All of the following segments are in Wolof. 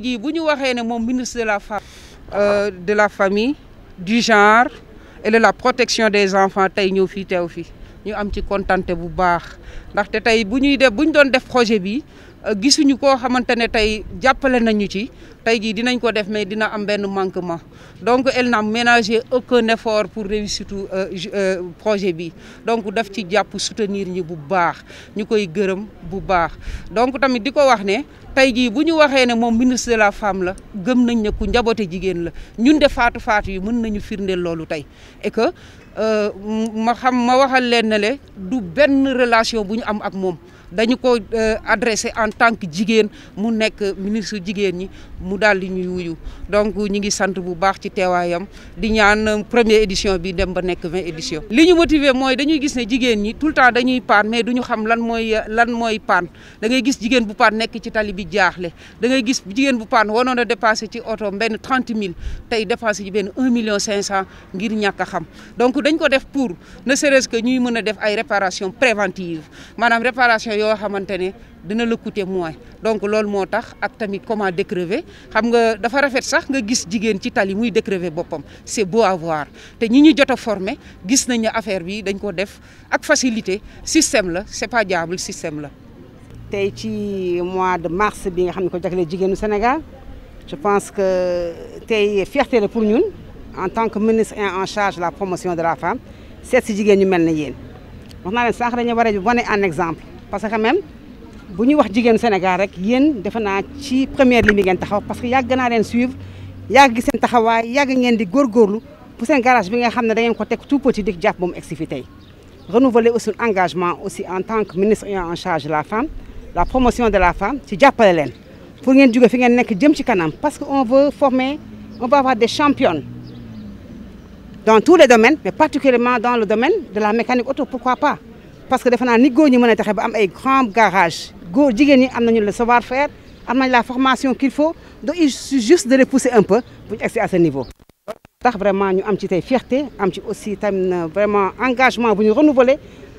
tey bu ñu waxee ne moom ministre de la femme euh, de la famille du genre et de la protection des enfants tey ñëw fii teew fii ñu am ci kontante bu baax ndaxte tey bu ñuy def bu ñu doon def projet bi Euh, gisuñu koo xamante ne tey jàppale nañu ci tey jii dinañ ko def mais dina am benn manquement donc elle n'a ménagé aucun effort pour réussir tout euh, euh, projet bi donc daf ci jàpp soutenir ñi bu baax ñu koy gërëm bu baax donc tamit di ko wax ne tey jii bu ñu waxee ne moom ministre la femme la gëm nañ ne ku njaboote jigéen la ñun de faatu faatu yi mën nañu firndeel loolu tey et que ma xam ma waxal leen le du benn relation bu ñu am ak moom dañu ko euh, adressé en tant que jigéen mu nekk ministre jigéen ñi mu daal di ñuy wuyu donc ñi ngi sant bu baax ci teewaayam di ñaan euh, première édition bi dem ba nekk vingt édition li ñu motiver mooy dañuy gis ne jigéen ñi tout le temps dañuy paan mais duñu xam lan mooy euh, lan mooy paan da ngay gis jigéen bu paan nekk ci tali bi jaaxle da ngay gis jigéen bu paan wanoon a dépassé ci oto benn trent mille tey dépassé ci benn un million cinq cent ngir ñàkk xam donc dañ ko def pour ne serait que ñuy mën a def ay réparation préventive yoo xamante ne dina la coûter moins donc loolu moo tax ak tamit comment décrever xam nga dafa rafet sax nga gis jigéen ci tali muy décrever boppam c'est beau avoir voir te ñi ñu jot a former gis nañu affaire bi dañ ko def ak facilité système la c'est pas diable système la. tey ci mois de mars bi nga xam ne ko jagle jigéenu Sénégal je pense que tey fierté la pour ñun en tant que ministre en charge la promotion de la femme seet si jigéen ñu mel na yéen. wax naa leen war wane en exemple parce que quand même bu ñu wax jigéen Sénégal rek yéen defe naa ci première ligne bi ngeen taxaw parce que yàgg naa leen suivre yàgg seen taxawaay yàgg ngeen di góorgóorlu pour seen garage bi nga xam ne da ngeen ko teg tout petit di jàpp fi aussi engagement aussi en tant que ministre ayant en charge la femme la promotion de la femme ci jàppale leen pour ngeen jóge fi ngeen nekk jem ci kanam parce que on veut former on va avoir des championnes dans tous les domaines mais particulièrement dans le domaine de la mécanique parce que defe ni góor ñi mën a taxe ba am ay grand garage góor jigéen ñi am nañu le savoir faire am nañ la formation qu'il faut donc il suffit juste de les pousser un peu pour ñu agsi à ce niveau tax vraiment ñu am ci tey fierté am ci aussi tam vraiment engagement bu ñu renouveler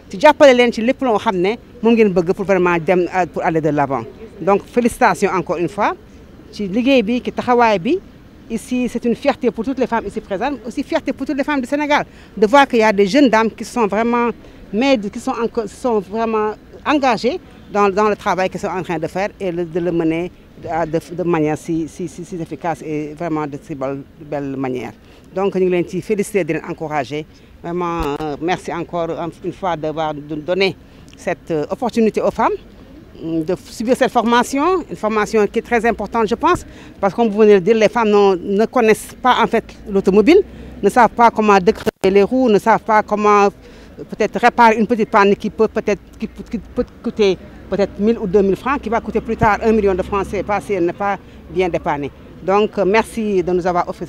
ci jàppale leen ci lépp loo xam ne moom ngeen bëgg pour vraiment dem euh, pour aller de l'avant donc félicitations encore une fois ci liggéey bi ki taxawaay bi ici c'est une fierté pour toutes les femmes ici présentes vraiment mais qui sont, encore, sont vraiment engagés dans, dans le travail qu'ils sont en train de faire et le, de le mener de, manière si, si, si, si, efficace et vraiment de si belle, de belle manière. Donc nous les féliciter et les encourager. Vraiment, euh, merci encore une fois d'avoir donné cette euh, opportunité aux femmes mm, de subir cette formation, une formation qui est très importante, je pense, parce que comme vous venez de dire, les femmes ne connaissent pas en fait l'automobile, ne savent pas comment décréter les roues, ne savent pas comment peut-être réparer une petite panne qui peut peut-être qui, qui peut coûter peut francs, qui va coûter plus tard 1 million de francs si elle n'est pas bien dépannée. Donc euh, merci de nous avoir offert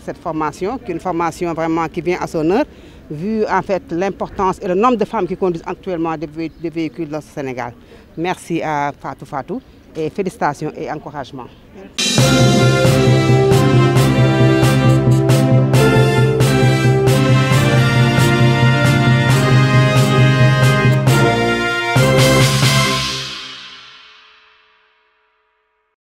cette, formation, qui formation vraiment vient à son heure, vu en fait l'importance et le nombre de femmes qui conduisent actuellement des, des véhicules dans le Merci à fato Fatou et félicitations et encouragements.